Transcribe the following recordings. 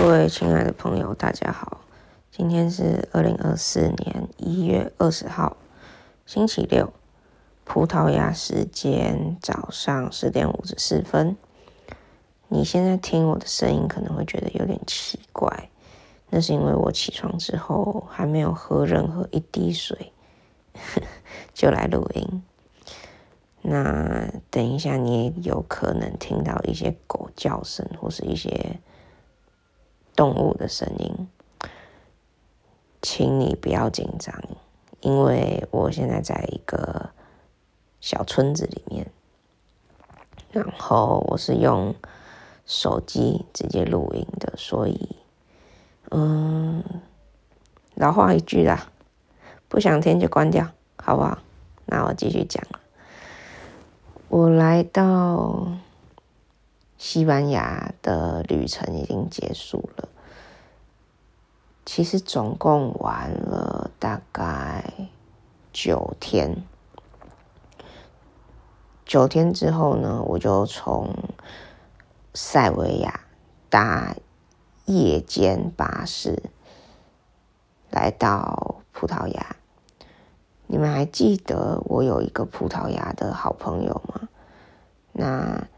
各位親愛的朋友，大家好！今天是二零二四年一月二十號，星期六，葡萄牙時間早上十點五十四分。你現在聽我的聲音可能會覺得有點奇怪，那是因為我起床之後還沒有喝任何一滴水，呵呵，就來錄音。那等一下你也有可能聽到一些狗叫聲，或是一些動物的聲音，請你不要緊張，因為我現在在一個小村子裡面，然後我是用手機直接錄音的，所以，嗯，老話一句啦，不想聽就關掉，好不好？那我繼續講了，我來到。西班牙的旅程已經結束了，其實總共玩了大概九天，九天之後呢，我就從塞維亞搭夜間巴士來到葡萄牙。你們還記得我有一個葡萄牙的好朋友嗎？那。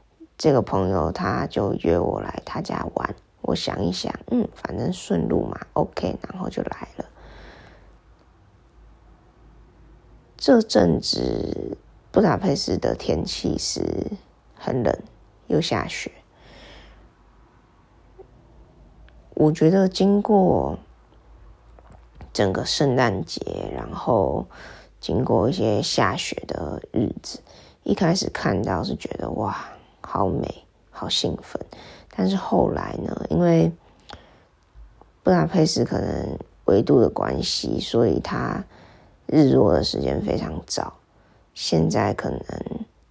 這個朋友他就約我來他家玩，我想一想，嗯，反正順路嘛，OK，然後就來了。這陣子布達佩斯的天氣是很冷，又下雪。我覺得經過整個聖誕節，然後經過一些下雪的日子，一開始看到是覺得哇。好美，好興奮！但是後來呢？因為布達佩斯可能緯度的關係，所以他日落的時間非常早。現在可能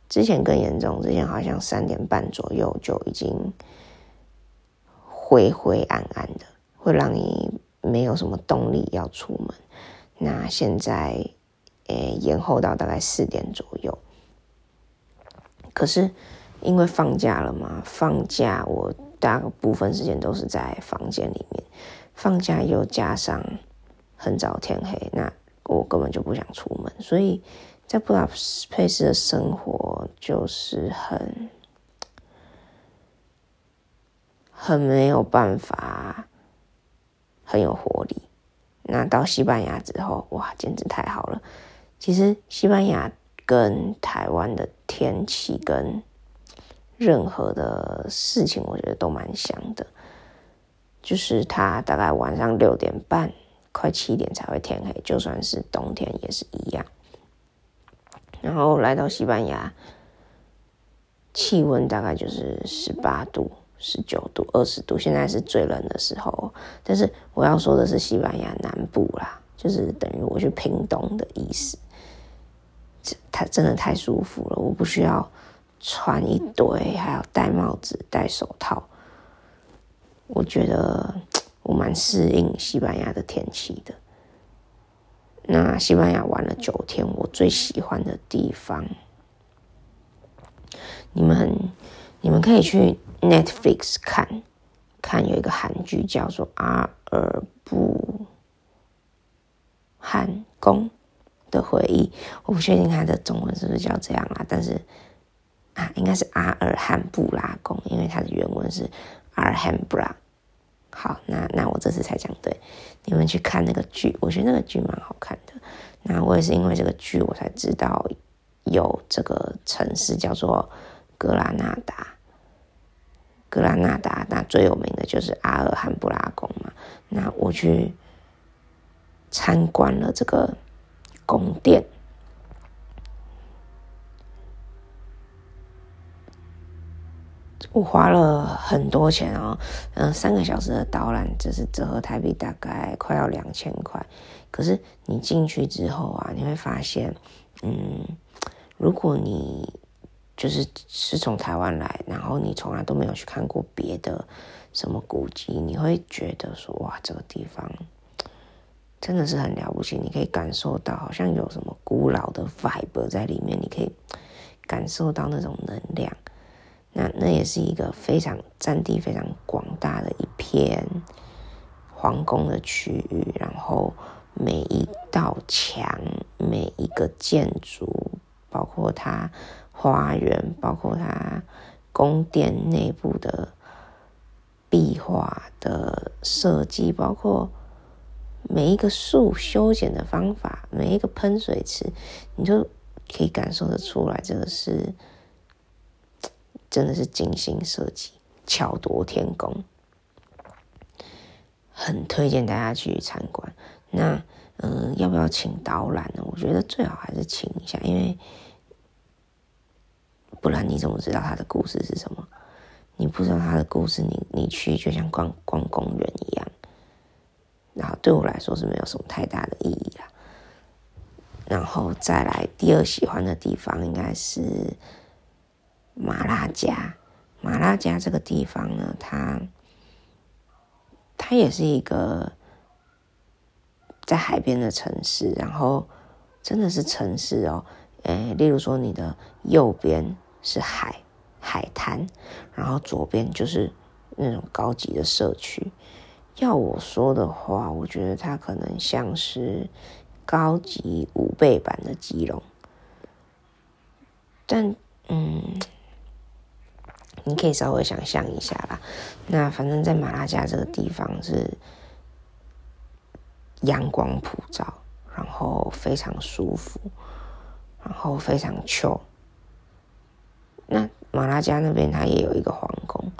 之前更嚴重，之前好像三點半左右就已經灰灰暗暗的，會讓你沒有什麼動力要出門。那現在，欸，延後到大概四點左右，可是。因為放假了嘛，放假我大部分時間都是在房間裡面。放假又加上很早天黑，那我根本就不想出門，所以在布達佩斯的生活就是很很沒有辦法，很有活力。那到西班牙之後，哇，簡直太好了！其實西班牙跟台灣的天氣跟任何的事情，我覺得都蠻香的。就是它大概晚上六點半，快七點才會天黑，就算是冬天也是一樣。然後來到西班牙，氣溫大概就是十八度，十九度，二十度，現在是最冷的時候。但是我要說的是西班牙南部啦，就是等於我去屏東的意思這。這他真的太舒服了，我不需要。穿一堆，還要戴帽子、戴手套。我覺得我蠻適應西班牙的天氣的。那西班牙玩了九天，我最喜歡的地方，你們你們可以去 Netflix 看看，有一個韓劇叫做《阿爾罕布拉宮的回憶》，我不確定它的中文是不是叫這樣啊，但是。啊，應該是阿爾罕布拉宮，因為它的原文是阿爾罕布拉。好，那那我這次才講對。你們去看那個劇，我覺得那個劇蠻好看的。那我也是因為這個劇，我才知道有這個城市叫做格拉納達。格拉納達，那最有名的就是阿爾罕布拉宮嘛。那我去參觀了這個宮殿。我花了很多錢哦、喔，嗯、呃，三個小時的導覽，這是折合台幣大概快要兩千塊。可是你進去之後啊，你會發現，嗯，如果你就是是從台灣來，然後你從來都沒有去看過別的什麼古蹟，你會覺得說，哇，這個地方真的是很了不起。你可以感受到好像有什麼古老的 vibe 在裡面，你可以感受到那種能量。那那也是一個非常佔地非常廣大的一片皇宮的區域，然後每一道牆、每一個建築，包括它花園，包括它宮殿內部的壁畫的設計，包括每一個樹修剪的方法，每一個噴水池，你就可以感受得出來，這個是。真的是精心設計，巧奪天工，很推薦大家去參觀。那，呃，要不要請導覽呢？我覺得最好還是請一下，因為不然你怎麼知道它的故事是什麼？你不知道它的故事，你你去就像逛逛公園一樣，然後對我來說是沒有什麼太大的意義啦。然後再來，第二喜歡的地方應該是。馬拉加，馬拉加這個地方呢，它它也是一個在海邊的城市，然後真的是城市哦。呃、哎，例如說你的右邊是海海灘，然後左邊就是那種高級的社區。要我說的話，我覺得它可能像是高級五倍版的基隆，但嗯。你可以稍微想象一下啦，那反正在馬拉加這個地方是陽光普照，然後非常舒服，然後非常 chill。那馬拉加那邊它也有一個皇宮，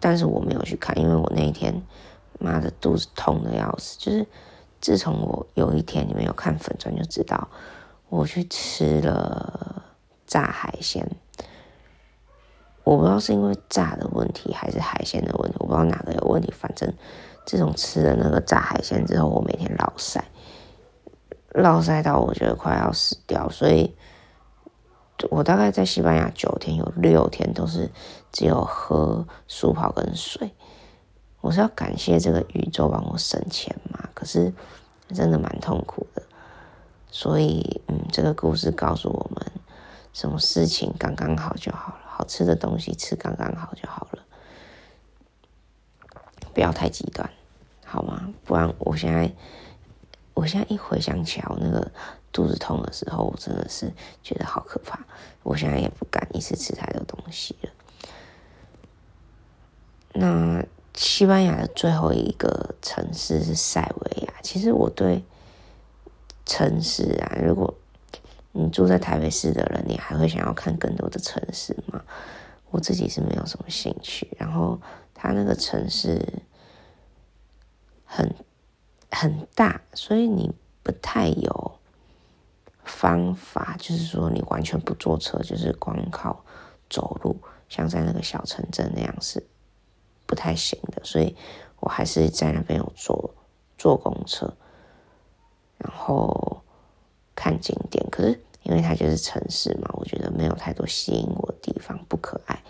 但是我沒有去看，因為我那一天媽的肚子痛得要死，就是自從我有一天你沒有看粉專就知道，我去吃了炸海鮮。我不知道是因為炸的問題，還是海鮮的問題，我不知道哪個有問題。反正自從吃了那個炸海鮮之後，我每天落賽，落賽到我覺得快要死掉。所以，我大概在西班牙九天，有六天都是只有喝舒跑跟水。我是要感謝這個宇宙幫我省錢嘛？可是真的蠻痛苦的。所以，嗯，這個故事告訴我們，什麼事情剛剛好就好了。好吃的東西吃剛剛好就好了，不要太極端，好嗎？不然我現在我現在一回想起來，我那個肚子痛的時候，我真的是覺得好可怕。我現在也不敢一次吃太多東西了。那西班牙的最後一個城市是塞維亞，其實我對城市啊，如果。你住在台北市的人，你還會想要看更多的城市嗎？我自己是沒有什麼興趣。然後它那個城市很很大，所以你不太有方法，就是說你完全不坐車，就是光靠走路，像在那個小城鎮那樣是不太行的。所以我還是在那邊有坐坐公車，然後。看景點，可是因為它就是城市嘛，我覺得沒有太多吸引我的地方，不可愛。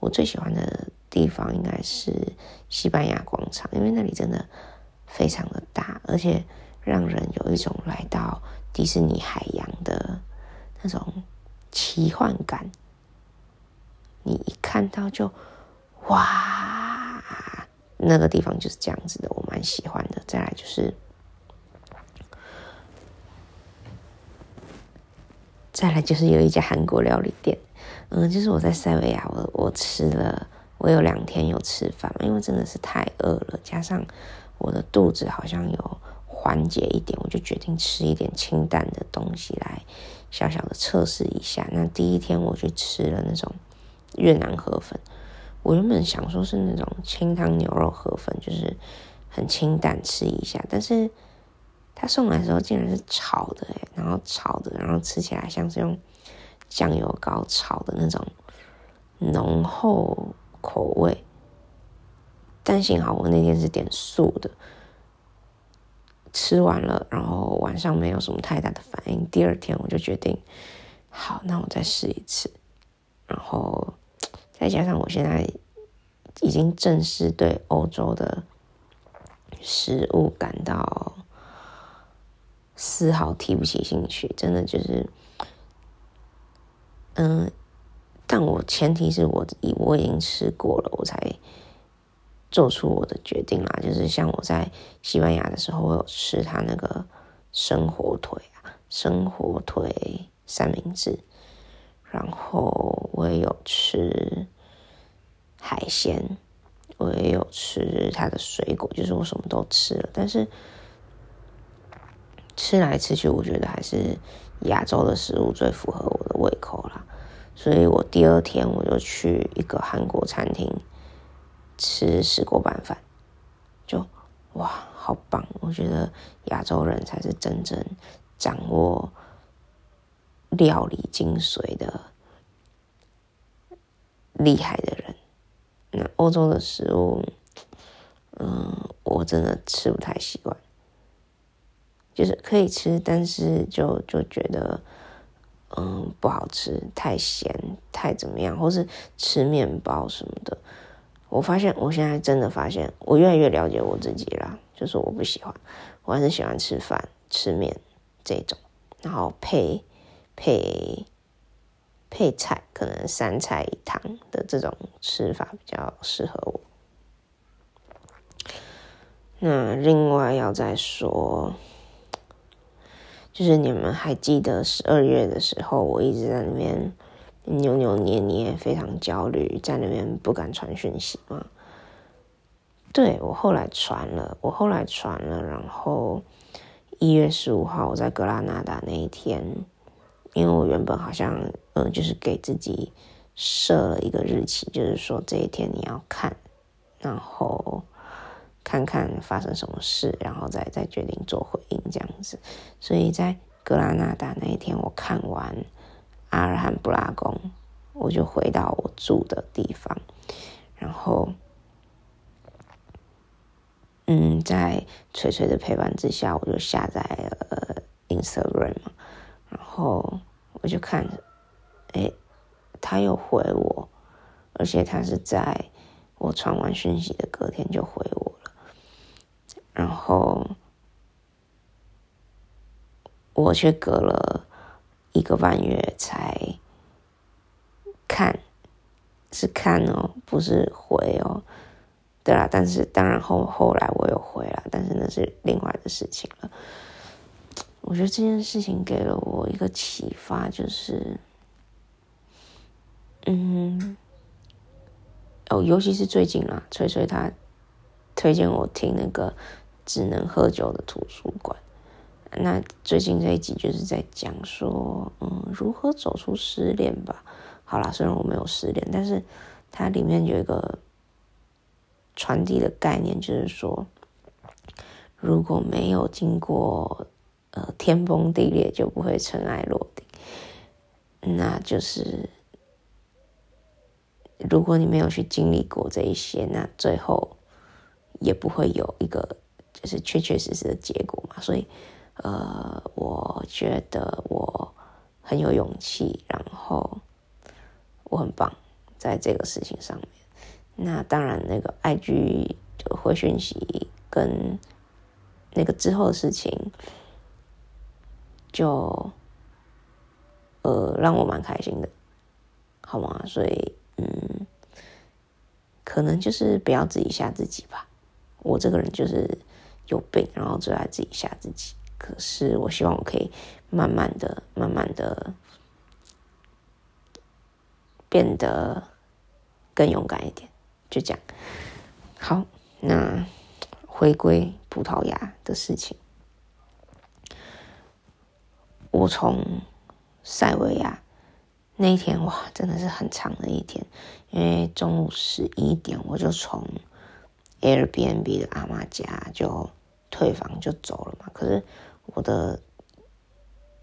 我最喜歡的地方應該是西班牙廣場，因為那裡真的非常的大，而且讓人有一種來到迪士尼海洋的那種奇幻感。你一看到就哇，那個地方就是這樣子的，我蠻喜歡的。再來就是。再來就是有一家韓國料理店，嗯，就是我在塞維亞，我我吃了，我有兩天有吃飯嘛，因為真的是太餓了，加上我的肚子好像有緩解一點，我就決定吃一點清淡的東西來小小的測試一下。那第一天我去吃了那種越南河粉，我原本想說是那種清湯牛肉河粉，就是很清淡吃一下，但是。他送來的時候竟然是炒的，欸、然後炒的，然後吃起來像是用醬油膏炒的那種濃厚口味。但幸好我那天是點素的，吃完了，然後晚上沒有什麼太大的反應。第二天我就決定，好，那我再試一次。然後再加上我現在已經正式對歐洲的食物感到。絲毫提不起興趣，真的就是，嗯，但我前提是我已我已經吃過了，我才做出我的決定啦。就是像我在西班牙的時候，我有吃他那個生火腿啊，生火腿三明治，然後我也有吃海鮮，我也有吃他的水果，就是我什麼都吃了，但是。吃來吃去，我覺得還是亞洲的食物最符合我的胃口啦。所以我第二天我就去一個韓國餐廳吃石鍋拌飯，就哇，好棒！我覺得亞洲人才是真正掌握料理精髓的厲害的人。那歐洲的食物，嗯，我真的吃不太習慣。就是可以吃，但是就就覺得，嗯，不好吃，太鹹，太怎麼樣，或是吃麵包什麼的。我發現，我現在真的發現，我越來越了解我自己了。就是我不喜歡，我還是喜歡吃飯、吃麵這種，然後配配配菜，可能三菜一湯的這種吃法比較適合我。那另外要再說。就是你們還記得十二月的時候，我一直在那邊扭扭捏捏，非常焦慮，在那邊不敢傳訊息嘛。對，我後來傳了，我後來傳了，然後一月十五號我在格拉納達那一天，因為我原本好像呃、嗯，就是給自己設了一個日期，就是說這一天你要看，然後。看看發生什麼事，然後再再決定做回應這樣子。所以在格拉納達那一天，我看完阿爾罕布拉宮，我就回到我住的地方，然後，嗯，在錘錘的陪伴之下，我就下載了，呃，Instagram，然後我就看，哎，欸，他有回我，而且他是在我傳完訊息的隔天就回我。然後我卻隔了一個半月才看，是看哦，不是回哦。對啦、啊，但是當然後後來我又回了，但是那是另外的事情了。我覺得這件事情給了我一個啟發，就是嗯，哦，尤其是最近啊，崔崔他推薦我聽那個。只能喝酒的圖書館。那最近這一集就是在講說，嗯，如何走出失戀吧。好啦，雖然我沒有失戀，但是它裡面有一個傳遞的概念，就是說，如果沒有經過呃天崩地裂，就不會塵埃落定。那就是如果你沒有去經歷過這一些，那最後也不會有一個。就是確確實實的結果嘛，所以，呃，我覺得我很有勇氣，然後我很棒，在這個事情上面。那當然，那個 IG 就回訊息跟那個之後的事情就，就呃讓我蠻開心的，好嗎？所以，嗯，可能就是不要自己嚇自己吧。我這個人就是。有病，然後就愛自己嚇自己。可是我希望我可以慢慢的、慢慢的變得更勇敢一點。就這樣。好，那回歸葡萄牙的事情，我從塞維亞那一天哇，真的是很長的一天，因為中午十一點我就從 Airbnb 的阿媽家就。退房就走了嘛，可是我的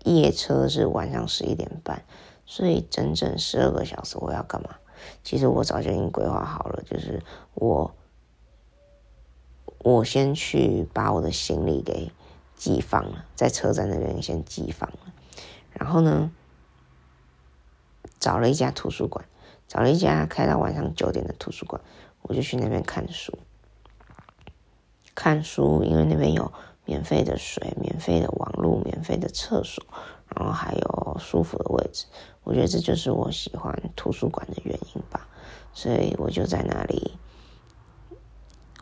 夜車是晚上十一點半，所以整整十二個小時我要幹嘛？其實我早就已經規劃好了，就是我我先去把我的行李給寄放了，在車站那邊先寄放了，然後呢，找了一家圖書館，找了一家開到晚上九點的圖書館，我就去那邊看書。看書，因為那邊有免費的水、免費的網絡、免費的廁所，然後還有舒服的位置，我覺得這就是我喜歡圖書館的原因吧。所以我就在那裡，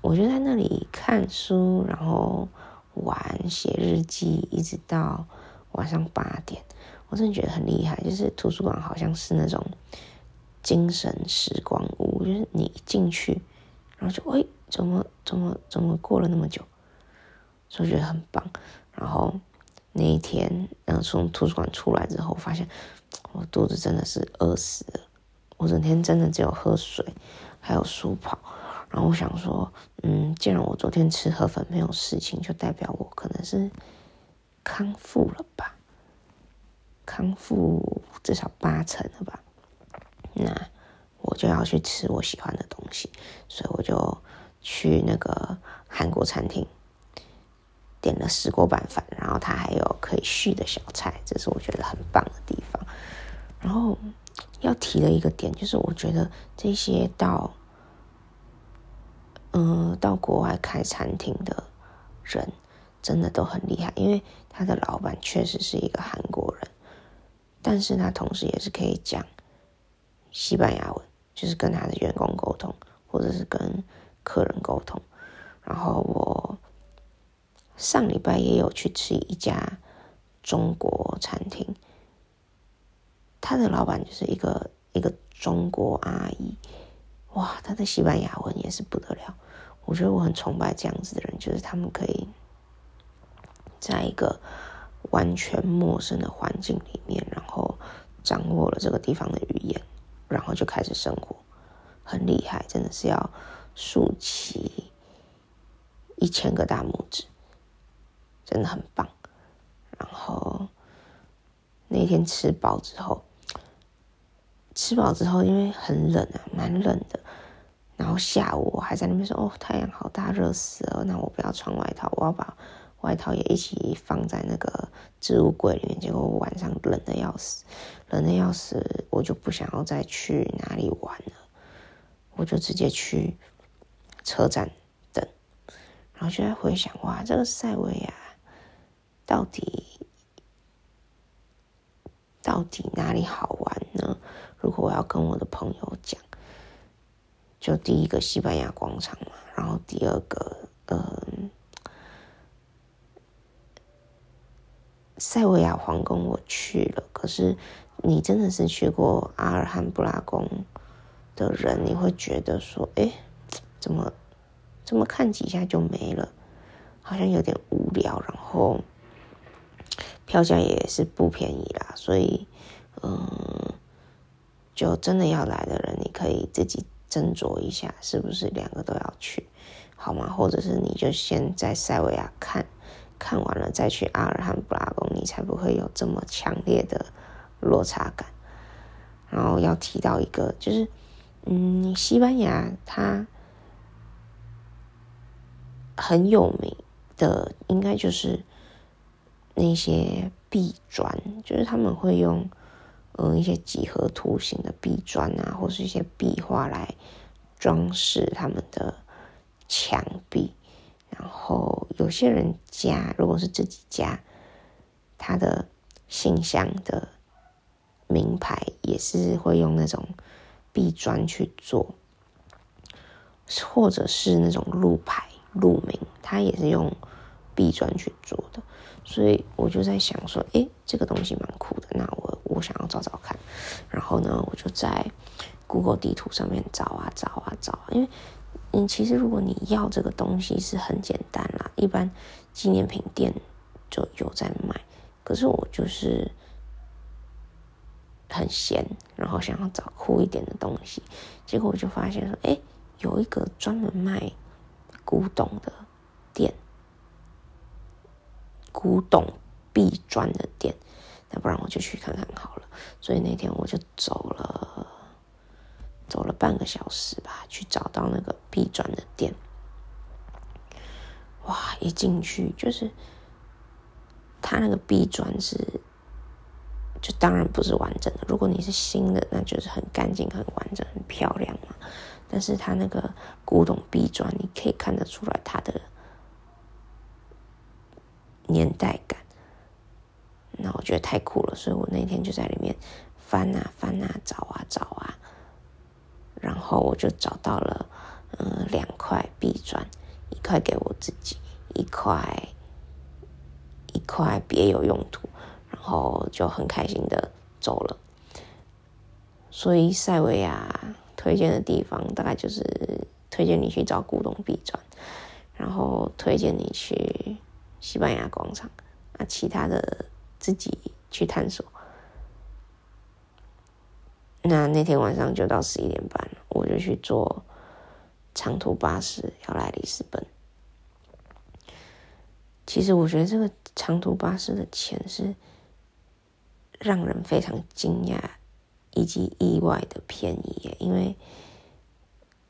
我就在那裡看書，然後玩、寫日記，一直到晚上八點。我真的覺得很厲害，就是圖書館好像是那種精神時光屋，就是你進去。然後就哎，怎麼怎麼怎麼過了那麼久，就覺得很棒。然後那一天，然、呃、後從圖書館出來之後，我發現我肚子真的是餓死了。我整天真的只有喝水，還有舒跑。然後我想說，嗯，既然我昨天吃河粉沒有事情，就代表我可能是康復了吧？康復至少八成了吧？那。我就要去吃我喜歡的東西，所以我就去那個韓國餐廳，點了石鍋拌飯，然後他還有可以續的小菜，這是我覺得很棒的地方。然後要提的一個點就是，我覺得這些到嗯、呃、到國外開餐廳的人真的都很厲害，因為他的老闆確實是一個韓國人，但是他同時也是可以講西班牙文。就是跟他的員工溝通，或者是跟客人溝通。然後我上禮拜也有去吃一家中國餐廳，他的老板就是一個一個中國阿姨，哇，他的西班牙文也是不得了。我覺得我很崇拜這樣子的人，就是他們可以在一個完全陌生的環境裡面，然後掌握了這個地方的語言。然後就開始生活，很厲害，真的是要豎起一千個大拇指，真的很棒。然後那天吃飽之後，吃飽之後因為很冷啊，蠻冷的。然後下午我還在那邊說：“哦，太陽好大，熱死了。”那我不要穿外套，我要把外套也一起放在那個置物櫃裡面，結果我晚上冷的要死，冷的要死，我就不想要再去哪裡玩了，我就直接去車站等。然後就在回想，哇，這個塞維亞到底到底哪裡好玩呢？如果我要跟我的朋友講，就第一個西班牙廣場嘛，然後第二個，嗯、呃。塞維亞皇宮我去了，可是你真的是去過阿爾罕布拉宮的人，你會覺得說，哎、欸，怎麼，怎麼看幾下就沒了，好像有點無聊，然後票價也是不便宜啦，所以，嗯，就真的要來的人，你可以自己斟酌一下，是不是兩個都要去，好嗎？或者是你就先在塞維亞看。看完了再去阿爾罕布拉宮，你才不會有這麼強烈的落差感。然後要提到一個，就是嗯，西班牙它很有名的，應該就是那些壁磚，就是他們會用嗯一些幾何圖形的壁磚啊，或是一些壁畫來裝飾他們的牆壁。然後有些人家，如果是自己家，他的信箱的名牌也是會用那種壁磚去做，或者是那種路牌、路名，他也是用壁磚去做的。所以我就在想說，誒，欸，這個東西蠻酷的，那我我想要找找看。然後呢，我就在 Google 地圖上面找啊找啊找，因為。嗯，其實如果你要這個東西是很簡單啦，一般紀念品店就有在賣。可是我就是很閒，然後想要找酷一點的東西，結果我就發現說，哎、欸，有一個專門賣古董的店，古董壁磚的店，那不然我就去看看好了。所以那天我就走了。走了半個小時吧，去找到那個壁磚的店。哇！一進去就是，他那個壁磚是，就當然不是完整的。如果你是新的，那就是很乾淨、很完整、很漂亮嘛。但是他那個古董壁磚，你可以看得出來他的年代感。那我覺得太酷了，所以我那天就在裡面翻啊翻啊，找啊找啊。然後我就找到了，嗯、呃，兩塊壁磚，一塊給我自己，一塊，一塊別有用途，然後就很開心的走了。所以塞維亞推薦的地方大概就是推薦你去找古董壁磚，然後推薦你去西班牙廣場，啊，其他的自己去探索。那那天晚上就到十一點半了，我就去坐長途巴士要來里斯本。其實我覺得這個長途巴士的錢是讓人非常驚訝以及意外的便宜耶，因為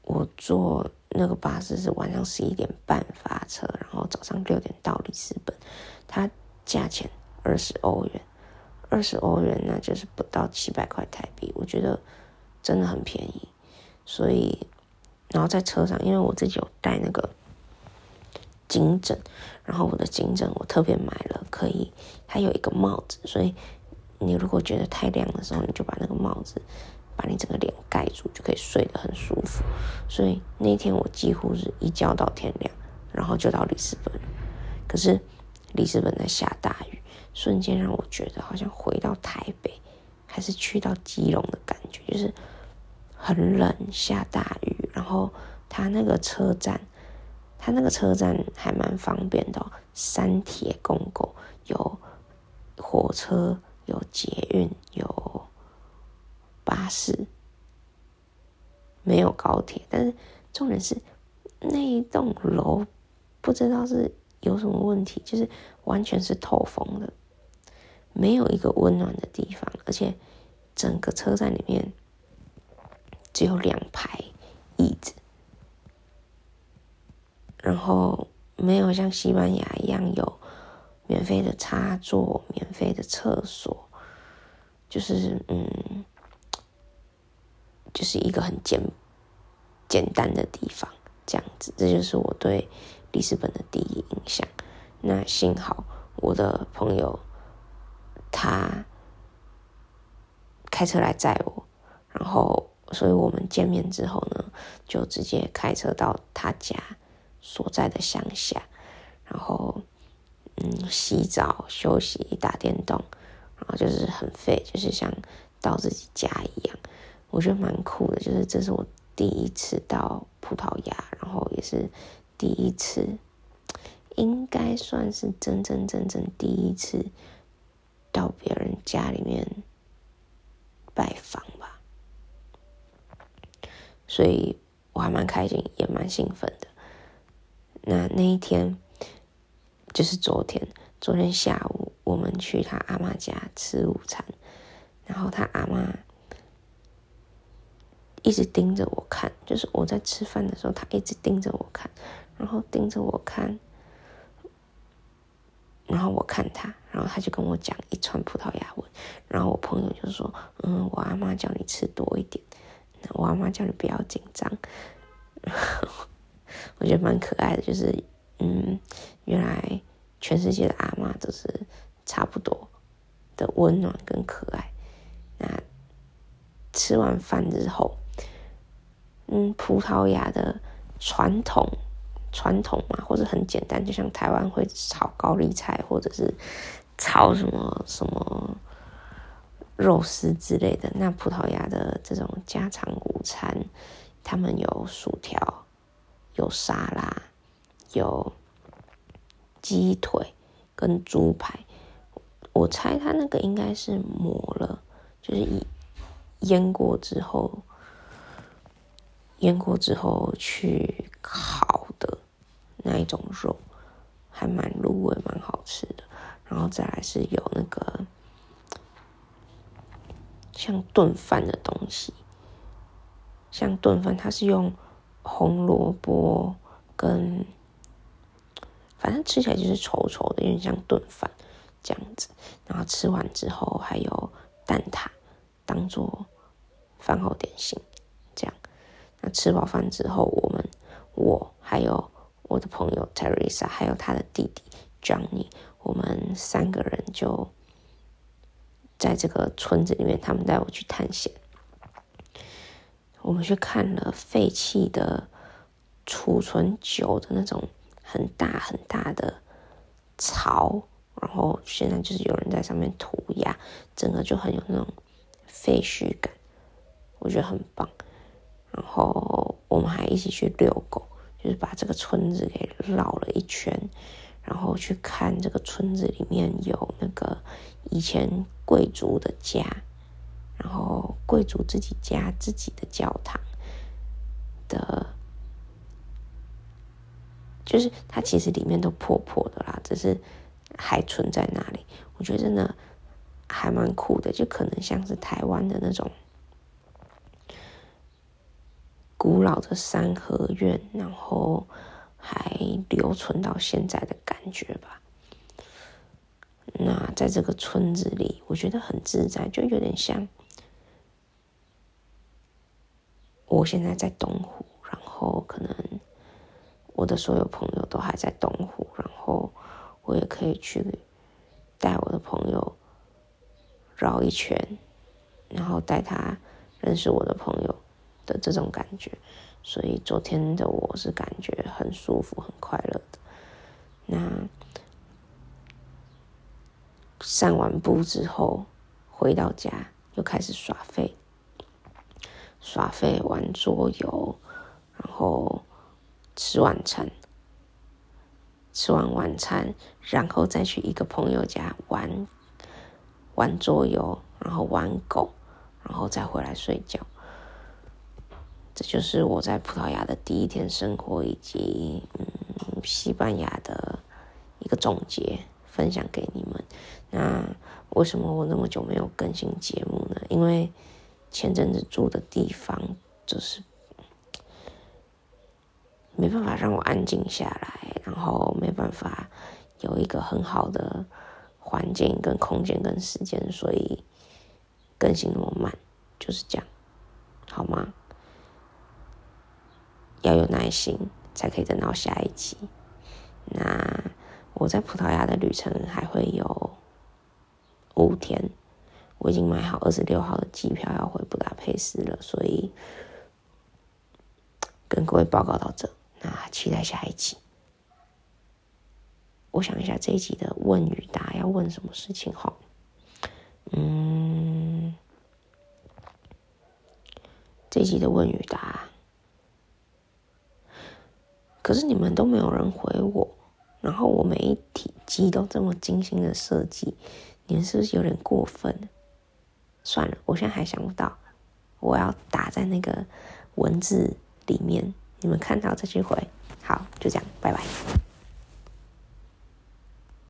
我坐那個巴士是晚上十一點半發車，然後早上六點到里斯本，它價錢二十歐元。二十歐元，那就是不到七百塊台幣，我覺得真的很便宜，所以然後在車上，因為我自己有帶那個頸枕，然後我的頸枕我特別買了，可以它有一個帽子，所以你如果覺得太亮的時候，你就把那個帽子把你整個臉蓋住，就可以睡得很舒服。所以那天我幾乎是一覺到天亮，然後就到里斯本，可是里斯本在下大雨。瞬間讓我覺得好像回到台北，還是去到基隆的感覺，就是很冷，下大雨。然後他那個車站，他那個車站還蠻方便的哦，三鐵共構，有火車，有捷運，有巴士，沒有高鐵。但是重點是那一棟樓不知道是有什麼問題，就是完全是透風的。沒有一個溫暖的地方，而且整個車站裡面只有兩排椅子，然後沒有像西班牙一樣有免費的插座、免費的廁所，就是嗯，就是一個很簡簡單的地方，這樣子。這就是我對里斯本的第一印象。那幸好，我的朋友。他開車來載我，然後，所以我們見面之後呢，就直接開車到他家所在的鄉下，然後，嗯，洗澡、休息、打電動，然後就是很廢，就是像到自己家一樣，我覺得蠻酷的。就是這是我第一次到葡萄牙，然後也是第一次，應該算是真真正正第一次。到別人家裡面拜訪吧，所以我還蠻開心，也蠻興奮的。那那一天就是昨天，昨天下午我們去他阿媽家吃午餐，然後他阿媽一直盯着我看，就是我在吃飯的時候，他一直盯着我看，然後盯着我看。然後我看他，然後他就跟我講一串葡萄牙文，然後我朋友就說：“嗯，我阿嬤叫你吃多一點，那我阿嬤叫你不要緊張。 ”我覺得蠻可愛的，就是嗯，原來全世界的阿嬤都是差不多的溫暖跟可愛。那吃完飯之後，嗯，葡萄牙的傳統。傳統嘛，或者很簡單，就像台灣會炒高麗菜，或者是炒什麼什麼肉絲之類的。那葡萄牙的這種家常午餐，他們有薯條，有沙拉，有雞腿跟豬排。我猜他那個應該是抹了，就是醃過之後，醃過之後去烤的。那一種肉還蠻入味，蠻好吃的。然後再來是有那個像燉飯的東西，像燉飯，它是用紅蘿蔔跟反正吃起來就是稠稠的，有點像燉飯這樣子。然後吃完之後還有蛋撻當做飯後點心，這樣。那吃飽飯之後，我們我還有。我的朋友 Teresa 還有他的弟弟 Johnny，我們三個人就在這個村子裡面，他們帶我去探險。我們去看了廢棄的儲存酒的那種很大很大的槽，然後現在就是有人在上面塗鴉，整個就很有那種廢墟感，我覺得很棒。然後我們還一起去遛狗。就是把這個村子給繞了一圈，然後去看這個村子裡面有那個以前貴族的家，然後貴族自己家自己的教堂的，就是它其實裡面都破破的啦，只是還存在那裡。我覺得呢還蠻酷的，就可能像是台灣的那種。古老的三合院，然後還留存到現在的感覺吧。那在這個村子裡，我覺得很自在，就有點像我現在在東湖，然後可能我的所有朋友都還在東湖，然後我也可以去帶我的朋友繞一圈，然後帶他認識我的朋友。這種感覺，所以昨天的我是感覺很舒服、很快樂的。那散完步之後回到家，又開始耍廢，耍廢，玩桌遊，然後吃晚餐。吃完晚餐，然後再去一個朋友家玩，玩桌遊，然後玩狗，然後再回來睡覺。就是我在葡萄牙的第一天生活，以及嗯，西班牙的一個總結，分享給你們。那為什麼我那麼久沒有更新節目呢？因為前陣子住的地方就是沒辦法讓我安靜下來，然後沒辦法有一個很好的環境、跟空間、跟時間，所以更新那麼慢，就是這樣，好嗎？要有耐心，才可以等到下一集。那我在葡萄牙的旅程還會有五天，我已經買好二十六號的機票要回布達佩斯了，所以跟各位報告到這。那期待下一集。我想一下這一集的問與答要問什麼事情齁？嗯，這一集的問與答。可是你們都沒有人回我，然後我每一體機都這麼精心的設計，你們是不是有點過分？算了，我現在還想不到，我要打在那個文字裡面，你們看到再去回好，就這樣，拜拜。